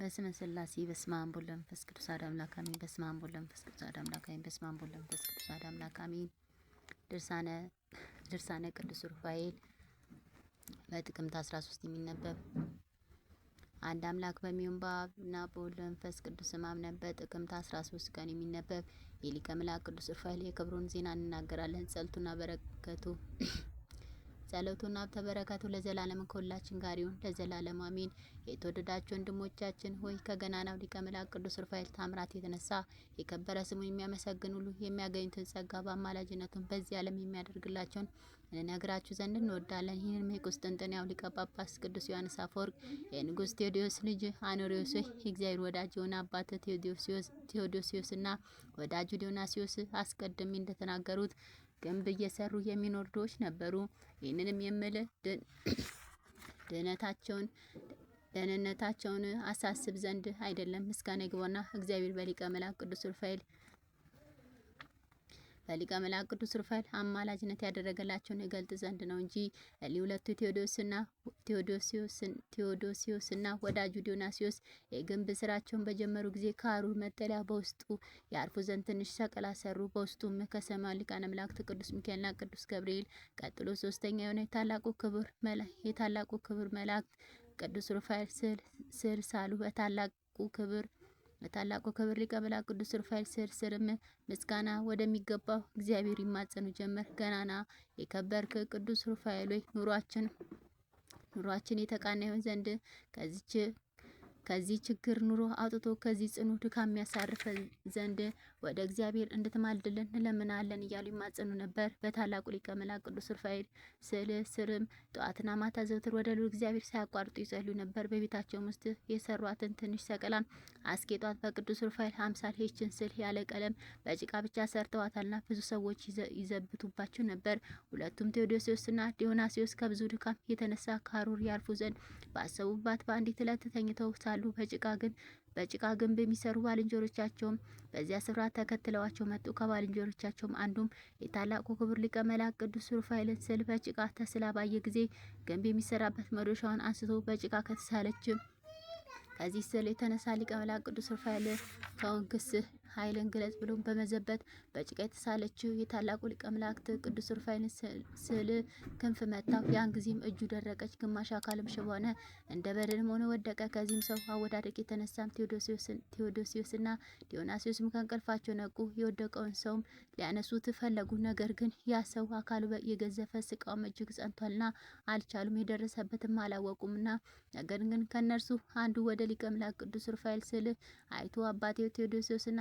በስመ ስላሴ በስመ አብ ወወልድ ወመንፈስ ቅዱስ አሐዱ አምላክ አሜን። በስመ አብ ወወልድ ወመንፈስ ቅዱስ አሐዱ አምላክ አሜን። በስመ አብ ወወልድ ወመንፈስ ቅዱስ አሐዱ አምላክ አሜን። ድርሳነ ድርሳነ ቅዱስ ሩፋኤል በጥቅምት 13 የሚነበብ አንድ አምላክ በሚሆን እና በወልድ መንፈስ ቅዱስ ማምነን በጥቅምት 13 ቀን የሚነበብ የሊቀ መላእክት ቅዱስ ሩፋኤል የክብሩን ዜና እንናገራለን። ጸሎቱና በረከቱ ጸሎቱና ተበረከቱ ለዘላለም ከሁላችን ጋር ይሁን ለዘላለም አሜን። የተወደዳችሁ ወንድሞቻችን ሆይ ከገናናው ሊቀ መላእክት ቅዱስ ሩፋኤል ታምራት የተነሳ የከበረ ስሙ የሚያመሰግን ሁሉ የሚያገኙትን ጸጋ በአማላጅነቱን በዚህ ዓለም የሚያደርግላቸውን እንነግራችሁ ዘንድ እንወዳለን። ይህን የቁስጥንጥንያው ሊቀ ጳጳስ ቅዱስ ዮሐንስ አፈወርቅ የንጉሥ ቴዎዲዮስ ልጅ አኖሪዮስ ሆይ የእግዚአብሔር ወዳጅ የሆነ አባት ቴዎዶሲዮስ ቴዎዶሲዮስና ወዳጁ ዲዮናሲዮስ አስቀድሜ እንደተናገሩት ግንብ እየሰሩ የሚኖሩ ድሆች ነበሩ። ይህንንም የምልህ ድህነታቸውን ደህንነታቸውን አሳስብ ዘንድ አይደለም። ምስጋና ይግባውና እግዚአብሔር በሊቀ መልአክ ቅዱስ ሩፋኤል በሊቀ መላእክት ቅዱስ ሩፋኤል አማላጅነት ያደረገላቸውን ይገልጥ ዘንድ ነው እንጂ ሁለቱ ቴዎዶስና ቴዎዶሲዮስና ወዳጁ ዲዮናሲዮስ የግንብ ስራቸውን በጀመሩ ጊዜ ካሩ መጠለያ በውስጡ ያርፉ ዘንድ ትንሽ ሰቀላ ሰሩ። በውስጡም ከሰማዩ ሊቃነ መላእክት ቅዱስ ሚካኤልና ቅዱስ ገብርኤል ቀጥሎ ሶስተኛ የሆነ የታላቁ ክቡር የታላቁ ክቡር መላእክት ቅዱስ ሩፋኤል ስር ሳሉ በታላቁ ክብር በታላቁ ክብር ሊቀ መላእክት ቅዱስ ሩፋኤል ስር ስርም ምስጋና ወደሚገባው እግዚአብሔር ይማጸኑ ጀመር። ገናና የከበርክ ቅዱስ ሩፋኤል ሆይ ኑሯችን ኑሯችን የተቃና ይሆን ዘንድ ከዚች ከዚህ ችግር ኑሮ አውጥቶ ከዚህ ጽኑ ድካም ያሳርፈ ዘንድ ወደ እግዚአብሔር እንድትማልድልን እንለምናለን እያሉ ይማጸኑ ነበር። በታላቁ ሊቀ መላእክት ቅዱስ ሩፋኤል ስዕል ስርም ጠዋትና ማታ ዘውትር ወደ ልዑል እግዚአብሔር ሳያቋርጡ ይጸልዩ ነበር። በቤታቸውም ውስጥ የሰሯትን ትንሽ ሰቀላን አስጌጧት። በቅዱስ ሩፋኤል አምሳል ሄችን ስል ያለ ቀለም በጭቃ ብቻ ሰርተዋታልና ብዙ ሰዎች ይዘብቱባቸው ነበር። ሁለቱም ቴዎዶሲዎስና ዲዮናሲዎስ ከብዙ ድካም የተነሳ ካሩር ያልፉ ዘንድ ባሰቡባት በአንዲት ዕለት ተኝተው ይሰራሉ። በጭቃ ግን በጭቃ ግንብ የሚሰሩ ባልንጀሮቻቸውም በዚያ ስፍራ ተከትለዋቸው መጡ። ከባልንጀሮቻቸውም አንዱም የታላቁ ክቡር ሊቀ መላእክት ቅዱስ ሩፋኤልን ስዕል በጭቃ ተስላ ባየ ጊዜ ግንብ የሚሰራበት መዶሻውን አንስቶ በጭቃ ከተሳለች ከዚህ ስዕል የተነሳ ሊቀ መላእክት ቅዱስ ሩፋኤል ከወንክስህ ኃይልን ግለጽ ብሎ በመዘበት በጭቃ የተሳለችው የታላቁ ሊቀ መላእክት ቅዱስ ሩፋኤልን ስዕል ክንፍ መታው። ያን ጊዜም እጁ ደረቀች፣ ግማሽ አካልም ሽባ ሆነ፣ እንደ በረድም ሆኖ ወደቀ። ከዚህም ሰው አወዳደቅ የተነሳም ቴዎዶሲዎስና ዲዮናሲዮስም ከእንቅልፋቸው ነቁ። የወደቀውን ሰውም ሊያነሱት ፈለጉ። ነገር ግን ያ ሰው አካሉ የገዘፈ ስቃውም እጅግ ጸንቷልና አልቻሉም፣ የደረሰበትም አላወቁምና። ነገር ግን ከእነርሱ አንዱ ወደ ሊቀ መላእክት ቅዱስ ሩፋኤል ስዕል አይቶ አባቴ ቴዎዶሲዎስና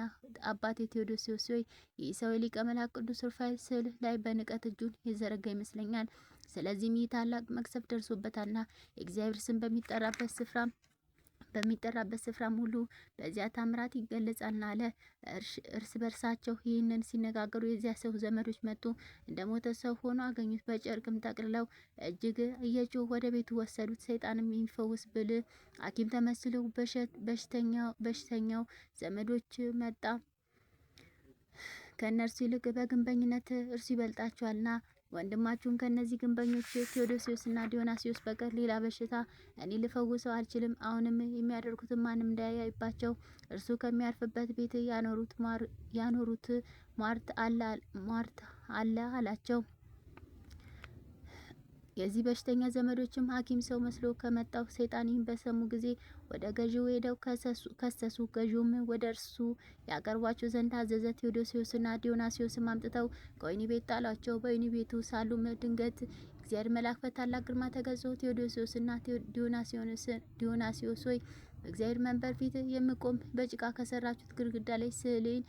አባት የቴዎዶሲዎስ ሆይ የኢሳዊ ሊቀ መልአክ ቅዱስ ሩፋኤል ስዕል ላይ በንቀት እጁን የዘረጋ ይመስለኛል። ስለዚህም ይህ ታላቅ መቅሰፍት ደርሶበታልና የእግዚአብሔር ስም በሚጠራበት ስፍራ በሚጠራበት ስፍራ ሙሉ በዚያ ታምራት ይገለጻልና አለ። እርስ በርሳቸው ይህንን ሲነጋገሩ የዚያ ሰው ዘመዶች መጡ፣ እንደ ሞተ ሰው ሆኖ አገኙት። በጨርቅም ጠቅልለው እጅግ እየጮሁ ወደ ቤቱ ወሰዱት። ሰይጣንም የሚፈውስ ብልህ ሐኪም ተመስሎ በሽተኛው ዘመዶች መጣ ከእነርሱ ይልቅ በግንበኝነት እርሱ ይበልጣቸዋልና ወንድማችሁን ከነዚህ ግንበኞች እና ዲዮናሲዮስ በቀር ሌላ በሽታ እኔ ልፈውሰው አልችልም። አሁንም የሚያደርጉትን ማንም እንዳያይባቸው እርሱ ከሚያርፍበት ቤት ያኖሩት ሟርት አለ አላቸው። የዚህ በሽተኛ ዘመዶችም ሐኪም ሰው መስሎ ከመጣው ሰይጣን ይህን በሰሙ ጊዜ ወደ ገዢው ሄደው ከሰሱ። ገዢውም ወደ እርሱ ያቀርቧቸው ዘንድ አዘዘ። ቴዎዶሲዎስና ዲዮናሲዮስም አምጥተው ከወይኒ ቤት ጣሏቸው። በወይኒ ቤቱ ሳሉም ድንገት እግዚአብሔር መልአክ በታላቅ ግርማ ተገልጾ ቴዎዶሲዎስና ዲዮናሲዮስ ሆይ እግዚአብሔር መንበር ፊት የምቆም በጭቃ ከሰራችሁት ግድግዳ ላይ ስዕልን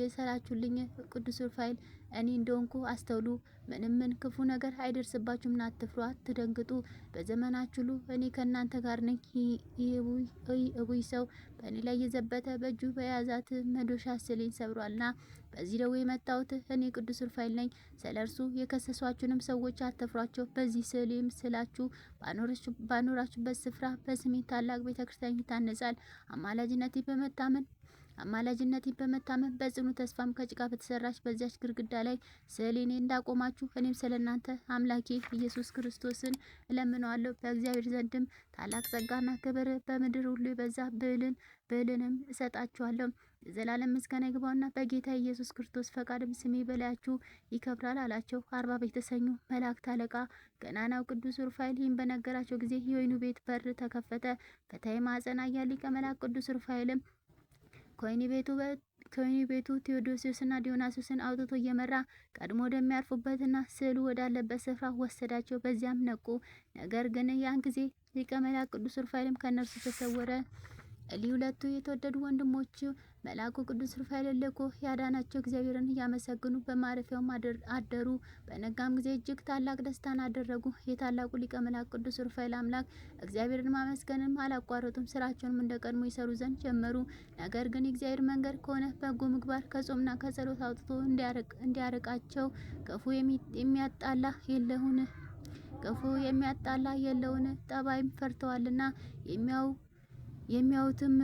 የሳላችሁልኝ ቅዱስ ሩፋኤል እኔ እንደሆንኩ አስተውሉ። ምንም ምን ክፉ ነገር አይደርስባችሁምና አትፍሩ፣ አትደንግጡ። በዘመናችሁ ሁሉ እኔ ከእናንተ ጋር ነኝ። እቡይ ሰው በእኔ ላይ የዘበተ በእጁ በያዛት መዶሻ ስሌን ሰብሯልና በዚህ ደዌ የመታሁት እኔ ቅዱስ ሩፋኤል ነኝ። ስለ እርሱ የከሰሷችሁንም ሰዎች አትፍሯቸው። በዚህ ስሌም ስላችሁ ባኖራችሁበት ስፍራ በስሜ ታላቅ ቤተ ክርስቲያን ይታነጻል። አማላጅነቴ በመታመን አማላጅነቴን በመታመን በጽኑ ተስፋም ከጭቃ በተሰራች በዚያች ግድግዳ ላይ ስዕሌኔ እንዳቆማችሁ እኔም ስለ እናንተ አምላኬ ኢየሱስ ክርስቶስን እለምነዋለሁ። በእግዚአብሔር ዘንድም ታላቅ ጸጋና ክብር በምድር ሁሉ የበዛ ብዕልን ብዕልንም እሰጣችኋለሁ። የዘላለም ምስጋና ይግባውና በጌታ ኢየሱስ ክርስቶስ ፈቃድም ስሜ በላያችሁ ይከብራል አላቸው። አርባብ የተሰኙ መላእክት አለቃ ገናናው ቅዱስ ሩፋኤል ይህም በነገራቸው ጊዜ የወይኑ ቤት በር ተከፈተ። በታይ ማዕፀን ሊቀ መላእክት ቅዱስ ሩፋኤልም ኮይኒ ቤቱ ከወህኒ ቤቱ ቴዎዶሲዎስና ዲዮናሲዮስን አውጥቶ እየመራ ቀድሞ ወደሚያርፉበትና ስዕሉ ወዳለበት ስፍራ ወሰዳቸው። በዚያም ነቁ። ነገር ግን ያን ጊዜ ሊቀ መላእክት ቅዱስ ሩፋኤልም ከእነርሱ ተሰወረ። ሁለቱ የተወደዱ ወንድሞቹ መልአኩ ቅዱስ ሩፋኤል ልኮ ያዳናቸው እግዚአብሔርን እያመሰግኑ በማረፊያው አደሩ። በነጋም ጊዜ እጅግ ታላቅ ደስታን አደረጉ። የታላቁ ሊቀ መልአክ ቅዱስ ሩፋኤል አምላክ እግዚአብሔርን ማመስገንም አላቋረጡም። ስራቸውንም እንደ ቀድሞ ይሰሩ ዘንድ ጀመሩ። ነገር ግን የእግዚአብሔር መንገድ ከሆነ በጎ ምግባር ከጾምና ከጸሎት አውጥቶ እንዲያርቃቸው ክፉ የሚያጣላ የለውን ክፉ የሚያጣላ የለውን ጠባይም ፈርተዋልና የሚያው የሚያዩትም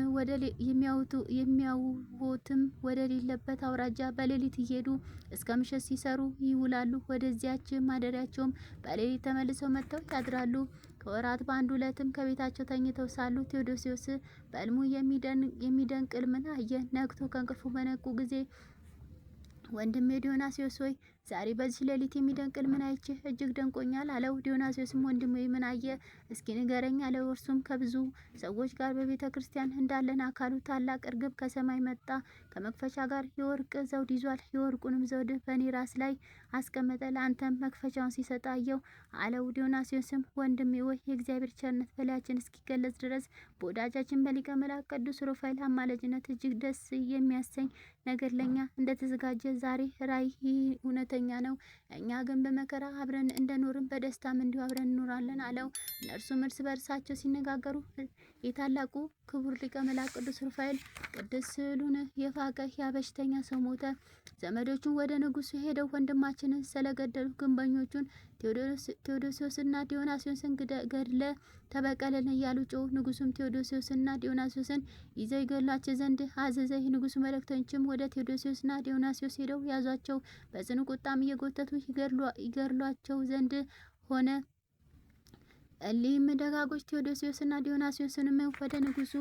ወደ ሌለበት አውራጃ በሌሊት እየሄዱ እስከ ምሽት ሲሰሩ ይውላሉ። ወደዚያች ማደሪያቸውም በሌሊት ተመልሰው መጥተው ያድራሉ። ከወራት በአንድ ሁለትም ከቤታቸው ተኝተው ሳሉ ቴዎዶሲዎስ በእልሙ የሚደንቅ ሕልምን አየ። ነግቶ ከእንቅልፉ በነቁ ጊዜ ወንድሜ ዲዮናስዮስ ሆይ ዛሬ በዚህ ሌሊት የሚደንቅ ምን አይቼ እጅግ ደንቆኛል አለው። ዲዮናስዮስም ወንድሜ ምን አየ? እስኪ ንገረኝ አለው። እርሱም ከብዙ ሰዎች ጋር በቤተ ክርስቲያን እንዳለን አካሉ ታላቅ እርግብ ከሰማይ መጣ፣ ከመክፈቻ ጋር የወርቅ ዘውድ ይዟል። የወርቁንም ዘውድ በእኔ ራስ ላይ አስቀመጠ፣ ለአንተም መክፈቻውን ሲሰጣየው አየው አለው። ዲዮናስዮስም ወንድሜ ወይ የእግዚአብሔር ቸርነት በላያችን እስኪገለጽ ድረስ በወዳጃችን በሊቀ መላእክት ቅዱስ ሩፋኤል አማላጅነት እጅግ ደስ የሚያሰኝ ነገር ለኛ እንደተዘጋጀ ዛሬ ራእይ እውነት ሁለተኛ ነው። እኛ ግን በመከራ አብረን እንደኖርን በደስታም እንዲሁ አብረን እንኖራለን አለው። እነርሱም እርስ በእርሳቸው ሲነጋገሩ የታላቁ ክቡር ሊቀ መላእክት ቅዱስ ሩፋኤል ቅዱስ ስዕሉን የፋቀ ያ በሽተኛ ሰው ሞተ። ዘመዶቹን ወደ ንጉሱ ሄደው ወንድማችንን ስለገደሉ ግንበኞቹን ቴዎዶሲዎስና ዲዮናስዮስን ገድለ ተበቀለን እያሉ ጮሁ። ንጉሱም ቴዎዶሲዎስና ዲዮናስዮስን ይዘው ይገድሏቸው ዘንድ አዘዘ። ንጉሱ መልእክተኞችም ወደ ቴዎዶሲዎስና ዲዮናስዮስ ሄደው ያዟቸው። በጽኑ ቁጣም እየጎተቱ ይገድሏቸው ዘንድ ሆነ። እሊህም ደጋጎች ቴዎዶሲዎስና ዲዮናስዮስንም ወደ ንጉሱ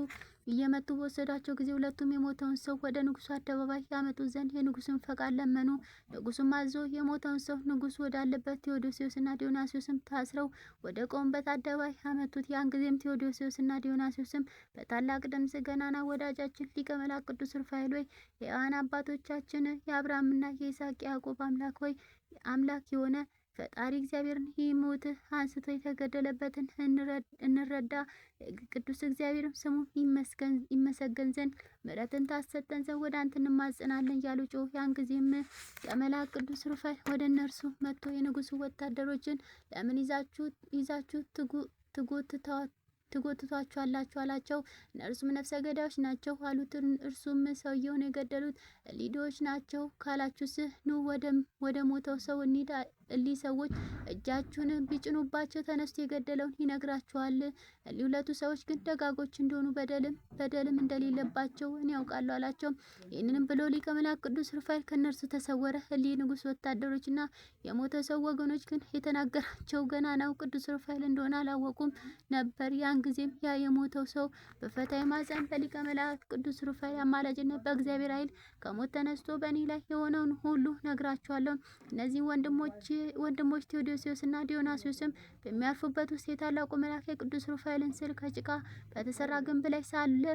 እየመጡ በወሰዷቸው ጊዜ ሁለቱም የሞተውን ሰው ወደ ንጉሱ አደባባይ ያመጡ ዘንድ የንጉሱን ፈቃድ ለመኑ። ንጉሱም አዞ የሞተውን ሰው ንጉሱ ወዳለበት ቴዎዶሲዎስና ዲዮናሲዮስም ታስረው ወደ ቆሙበት አደባባይ ያመጡት። ያን ጊዜም ቴዎዶሲዎስና ዲዮናሲዮስም በታላቅ ድምፅ ገናና ወዳጃችን ሊቀ መላእክት ቅዱስ ሩፋኤል ሆይ የአዋን አባቶቻችን የአብርሃምና የይስሐቅ ያዕቆብ አምላክ ሆይ አምላክ የሆነ ፈጣሪ እግዚአብሔርን ይሙት አንስቶ የተገደለበትን እንረዳ። ቅዱስ እግዚአብሔርም ስሙ ይመሰገን ዘንድ ምሕረትን ታሰጠን ዘንድ ወደ አንተ እንማጽናለን እያሉ ጮሁ። ያን ጊዜም የመልአክ ቅዱስ ሩፋኤል ወደ እነርሱ መጥቶ የንጉሱ ወታደሮችን ለምን ይዛችሁ ይዛችሁ ትጎትቷችኋላችሁ አላቸው። እነርሱም ነፍሰ ገዳዮች ናቸው አሉት። እርሱም ሰውየውን የገደሉት ሊዶዎች ናቸው ካላችሁስ ኑ ወደ ሞተው ሰው እንሂድ እሊህ ሰዎች እጃችሁን ቢጭኑባቸው ተነስቶ የገደለውን ይነግራችኋል። ሁለቱ ሰዎች ግን ደጋጎች እንደሆኑ በደልም በደልም እንደሌለባቸው እኔ ያውቃለሁ አላቸው። ይህንንም ብሎ ሊቀ መላእክት ቅዱስ ሩፋኤል ከእነርሱ ተሰወረ። እሊህ ንጉስ ወታደሮችና የሞተ ሰው ወገኖች ግን የተናገራቸው ነው ቅዱስ ሩፋኤል እንደሆነ አላወቁም ነበር። ያን ጊዜም ያ የሞተው ሰው በፈታይ ማፀን በሊቀ መላእክት ቅዱስ ሩፋኤል አማላጅነት በእግዚአብሔር ኃይል ከሞት ተነስቶ በእኔ ላይ የሆነውን ሁሉ ነግራችኋለሁ። እነዚህ ወንድሞች ወንድሞች ቴዎዶሲዎስና ዲዮናሲዮስም በሚያርፉበት ውስጥ የታላቁ መልአክ የቅዱስ ሩፋኤልን ስዕል ከጭቃ በተሰራ ግንብ ላይ ሳለ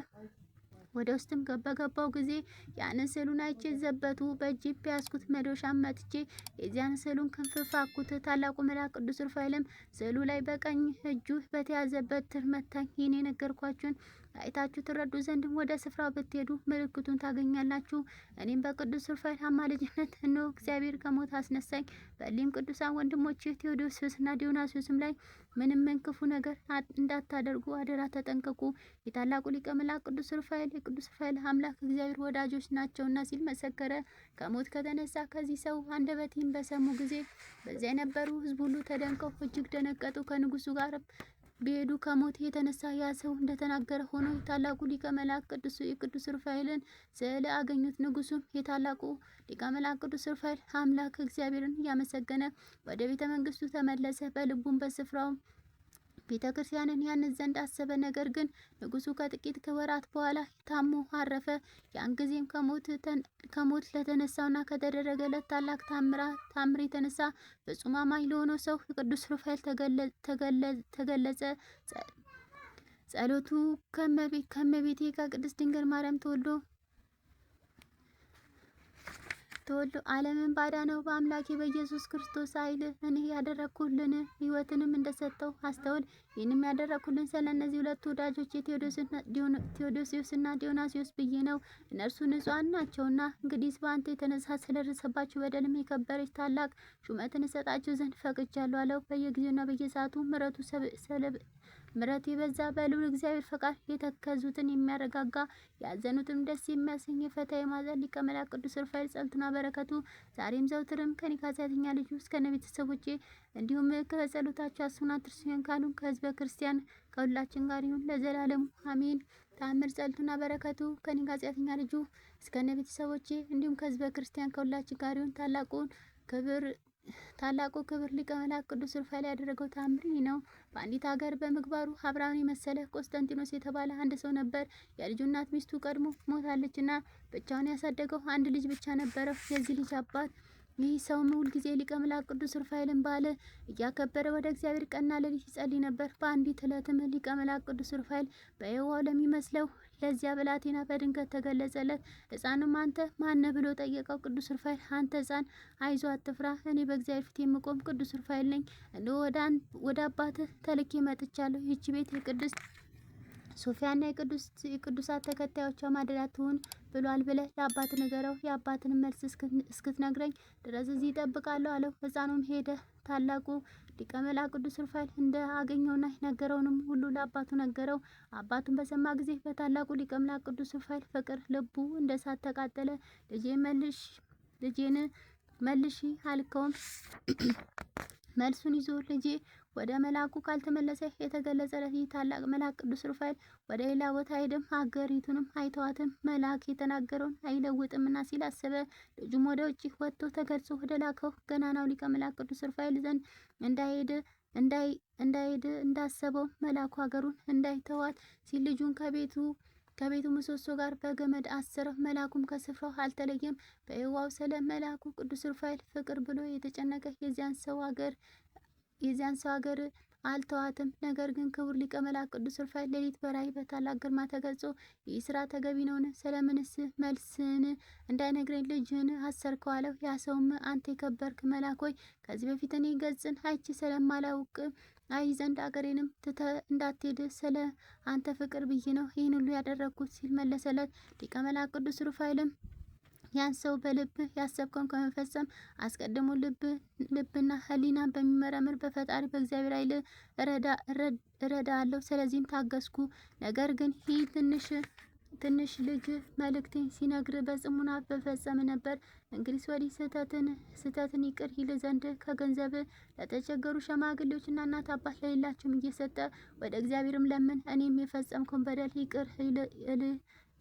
ወደ ውስጥም በገባው ጊዜ ያንን ስዕሉን አይቼ ዘበቱ በእጅ ቢያስኩት መዶሻ መጥቼ የዚያን ስዕሉን ክንፍ ፋኩት። ታላቁ መልአክ ቅዱስ ሩፋኤልም ስዕሉ ላይ በቀኝ እጁ በተያዘበት ትር መታኝ። ይህን የነገርኳችሁን አይታችሁ ትረዱ ዘንድም ወደ ስፍራው ብትሄዱ ምልክቱን ታገኛላችሁ። እኔም በቅዱስ ሩፋኤል አማላጅነት እነሆ እግዚአብሔር ከሞት አስነሳኝ። በሊም ቅዱሳን ወንድሞች ቴዎዶስዮስና ዲዮናስዮስም ላይ ምንም ክፉ ነገር እንዳታደርጉ አደራ ተጠንቀቁ። የታላቁ ሊቀ መላእክት ቅዱስ ሩፋኤል የቅዱስ ሩፋኤል አምላክ እግዚአብሔር ወዳጆች ናቸውና ሲል መሰከረ። ከሞት ከተነሳ ከዚህ ሰው አንደበትን በሰሙ ጊዜ በዚያ የነበሩ ሕዝብ ሁሉ ተደንቀው እጅግ ደነቀጡ። ከንጉሱ ጋርም ቢሄዱ ከሞት የተነሳ ያ ሰው እንደተናገረ ሆኖ ታላቁ ሊቀ መላእክት ቅዱስ የቅዱስ ሩፋኤልን ስለ አገኙት። ንጉሱም የታላቁ ሊቀ መላእክት ቅዱስ ሩፋኤል አምላክ እግዚአብሔርን እያመሰገነ ወደ ቤተ መንግስቱ ተመለሰ። በልቡም በስፍራው ቤተ ክርስቲያንን ያንን ዘንድ አሰበ። ነገር ግን ንጉሱ ከጥቂት ከወራት በኋላ ታሞ አረፈ። ያን ጊዜም ከሞት ለተነሳውና ከተደረገለት ታላቅ ታምር የተነሳ ፍጹም አማኝ ለሆነው ሰው ቅዱስ ሩፋኤል ተገለጸ። ጸሎቱ ከመቤቴ ከቅድስት ድንግል ማርያም ተወልዶ አትወዱ ዓለምን ባዳ ነው። በአምላኬ በኢየሱስ ክርስቶስ ኃይል እኔ ያደረግኩልን ሕይወትንም እንደሰጠው አስተውል። ይህንም ያደረግኩልን ስለ እነዚህ ሁለቱ ወዳጆች ቴዎዶሲዎስና ዲዮናሲዮስ ብዬ ነው። እነርሱ ንጹሐን ናቸውና። እንግዲህ በአንተ የተነሳ ስለደረሰባችሁ በደልም የከበረች ታላቅ ሹመትን እሰጣችሁ ዘንድ ፈቅጃለሁ አለው። በየጊዜውና በየሰዓቱ ምሕረቱ ምሕረት የበዛ በልዑል እግዚአብሔር ፈቃድ የተከዙትን የሚያረጋጋ ያዘኑትም ደስ የሚያሰኝ የፈታ የማዘን ሊቀ መላእክት ቅዱስ ሩፋኤል ጸሎትና በረከቱ ዛሬም ዘውትርም ከኔ ከኃጢአተኛ ልጅ ውስጥ ከነ ቤተሰቦቼ እንዲሁም ከጸሎታቸው አስቡን ትርስን ካሉን ከህዝበ ክርስቲያን ከሁላችን ጋር ይሁን ለዘላለሙ አሜን። ተአምር ጸሎትና በረከቱ ከኔ ከኃጢአተኛ ልጁ እስከነ ቤተሰቦቼ እንዲሁም ከህዝበ ክርስቲያን ከሁላችን ጋር ይሁን ታላቁን ክብር ታላቁ ክብር ሊቀ መላእክት ቅዱስ ሩፋኤል ያደረገው ታምሪ ነው። በአንዲት ሀገር በምግባሩ ሀብራን የመሰለ ቆስጠንጢኖስ የተባለ አንድ ሰው ነበር። የልጁ እናት ሚስቱ ቀድሞ ሞታለችና ብቻውን ያሳደገው አንድ ልጅ ብቻ ነበረው። የዚህ ልጅ አባት ይህ ሰውም ሁልጊዜ ሊቀ መላእክት ቅዱስ ሩፋኤልን ባለ እያከበረ ወደ እግዚአብሔር ቀና ሌሊት ይጸልይ ነበር። በአንዲት ዕለትም ሊቀ መላእክት ቅዱስ ሩፋኤል በየዋው ለሚመስለው ለዚያ ብላቴና በድንገት ተገለጸለት። ህፃኑም አንተ ማነ ብሎ ጠየቀው። ቅዱስ ሩፋኤል አንተ ህፃን አይዞ አትፍራ፣ እኔ በእግዚአብሔር ፊት የምቆም ቅዱስ ሩፋኤል ነኝ። ወደ አባትህ ተልኬ መጥቻለሁ። ይቺ ቤት የቅድስት ሶፊያና የቅዱሳት ተከታዮቿ ማደሪያ ትሁን ብሏል ብለህ ለአባት ንገረው። የአባትን መልስ እስክትነግረኝ ድረስ እዚህ ይጠብቃለሁ አለው። ህፃኑም ሄደ። ታላቁ ሊቀ መላእክት ቅዱስ ሩፋኤል እንደ አገኘውና ነገረውንም ሁሉ ለአባቱ ነገረው። አባቱን በሰማ ጊዜ በታላቁ ሊቀ መላእክት ቅዱስ ሩፋኤል ፍቅር ልቡ እንደ እሳት ተቃጠለ። ልጄ መልሽ ልጄን መልሺ አልከውም። መልሱን ይዞ ልጄ ወደ መልአኩ ካልተመለሰ የተገለጸለት ይህ ታላቅ መልአክ ቅዱስ ሩፋኤል ወደ ሌላ ቦታ ሄድም ሀገሪቱንም አይተዋትም፣ መልአክ የተናገረውን አይለውጥምና ሲል አሰበ። ልጁም ወደ ውጭ ወጥቶ ተገልጾ ወደ ላከው ገናናው ሊቀ መልአክ ቅዱስ ሩፋኤል ዘንድ እንዳይሄድ እንዳይሄድ እንዳሰበው መልአኩ ሀገሩን እንዳይተዋት ሲል ልጁን ከቤቱ ከቤቱ ምሰሶ ጋር በገመድ አሰረ መልአኩም ከስፍራው አልተለየም። በየዋው ስለ መልአኩ ቅዱስ ሩፋኤል ፍቅር ብሎ የተጨነቀ የዚያን ሰው ሀገር የዚያን ሰው ሀገር አልተዋትም። ነገር ግን ክቡር ሊቀ መላእክት ቅዱስ ሩፋኤል ሌሊት በራእይ በታላቅ ግርማ ተገልጾ ይህ ስራ ተገቢ ነውን? ስለምንስ መልስን እንዳይነግረኝ ልጅህን አሰርከው አለው። ያ ሰውም አንተ የከበርክ መልአክ ሆይ ከዚህ በፊት እኔ ገጽን አይቼ ስለማላውቅ አይ ዘንድ አገሬንም ትተ እንዳትሄድ ስለ አንተ ፍቅር ብዬ ነው ይህን ሁሉ ያደረግኩት ሲል መለሰለት። ሊቀ መላእክት ቅዱስ ሩፋኤልም ያን ሰው በልብህ ያሰብከውን ከመፈጸም አስቀድሞ ልብና ህሊና በሚመረምር በፈጣሪ በእግዚአብሔር ኃይል አለው። ስለዚህም ታገስኩ። ነገር ግን ይህ ትንሽ ትንሽ ልጅ መልእክቴን ሲነግር በጽሙና በፈጸም ነበር። እንግዲህ ወዲህ ስህተትን ስህተትን ይቅር ይል ዘንድ ከገንዘብ ለተቸገሩ ሸማግሌዎችና እናት አባት ለሌላቸውም እየሰጠ ወደ እግዚአብሔርም ለምን እኔም የፈጸምኩን በደል ይቅር ይል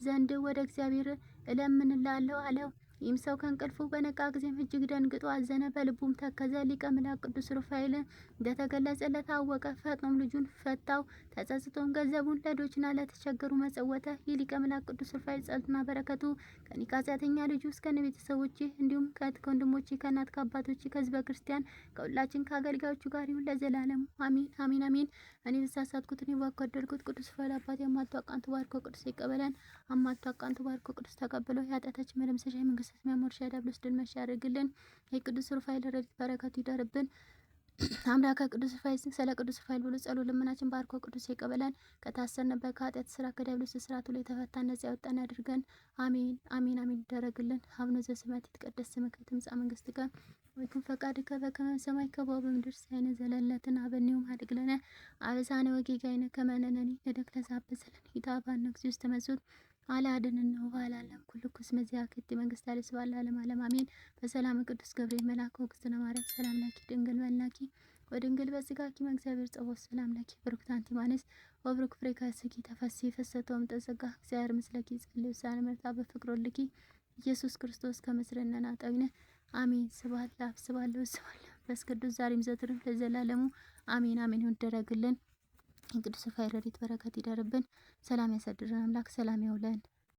ዘንድ ወደ እግዚአብሔር እለምንላለሁ አለው። ይህም ሰው ከእንቅልፉ በነቃ ጊዜም እጅግ ደንግጦ አዘነ፣ በልቡም ተከዘ። ሊቀ መላእክት ቅዱስ ሩፋኤል እንደተገለጸለት አወቀ። ፈጥኖም ልጁን ፈታው፣ ተጸጽቶም ገንዘቡን ለዶችና ለተቸገሩ መጸወተ። ይህ ሊቀ መላእክት ቅዱስ ሩፋኤል ጸሎትና በረከቱ ከኒቃ ከኃጢአተኛ ልጁ እስከ ቤተሰቦቼ እንዲሁም ከእህት ከወንድሞች ከእናት ከአባቶች፣ ከህዝበ ክርስቲያን ከሁላችን ከአገልጋዮቹ ጋር ይሁን ለዘላለሙ አሚን አሚን አሚን። እኔ የተሳሳትኩት እኔ ቅዱስ ሩፋኤል አባት አማቱ አቃንቱ ባርኮ ቅዱስ ይቀበለን። አማቱ አቃንቱ ባርኮ ቅዱስ ተቀብሎ ያጠተች መለምሰሻ መንግስት በቅድስት መምህር ሻዳብሎስ ድል መሻ ያደርግልን። የቅዱስ ሩፋኤል ረድኤት በረከቱ ይደርብን። አምላከ ቅዱስ ሩፋኤል ስለ ቅዱስ ሩፋኤል ብሎ ጸሎ ልመናችን ባርኮ ቅዱስ ይቀበለን። ከታሰርንበት ከኃጢአት ስራ ከዲያብሎስ ስራት ሁሉ የተፈታ ነፃ ያወጣን ያድርገን። አሜን አሜን አሜን ይደረግልን። አቡነ ዘበሰማያት ይትቀደስ ስምከ ትምጻእ መንግስትከ ወይኩን ፈቃድከ በከመ በሰማይ ከበሆ በምድር ሲሳየነ ዘለለዕለትነ ሀበነ ሀድግ ለነ አበሳነ ወጌጋየነ ከመ ንሕነኒ ንደግ ለዘ ሀበ ዘለለ ኢታብአነ እግዚእ ውስተ አላድን ነው ባላለም ኩሉ ኩስ መዚያ ክት መንግስት አለስ ባላ ዓለም ዓለም አሜን። በሰላም ቅዱስ ገብርኤል መላኩ ወክዝነ ማርያም ሰላም ላኪ ድንግል መልናኪ ወድንግል በስጋኪ መእግዚአብሔር ጸቦት ሰላም ላኪ ብሩክት አንቲ ማነስ ወብሩክ ፍሬ ካስኪ ተፈሲ ፈሰተውም ተዘጋ እግዚአብሔር ምስለኪ ጸልዩ ሳነ መርታ በፍቅሮ ልኪ ኢየሱስ ክርስቶስ ከመስረነና ጠግነ አሜን። ስብሐት ለአብ ስብሐት ለወልድ ስብሐት ለመንፈስ ቅዱስ ዛሬም ዘወትርም ለዘላለሙ አሜን አሜን ይሁን። ደረግልን የቅዱስ ሩፋኤል ረድኤት በረከት ይደርብን። ሰላም ያሳድረን አምላክ፣ ሰላም ይውለን።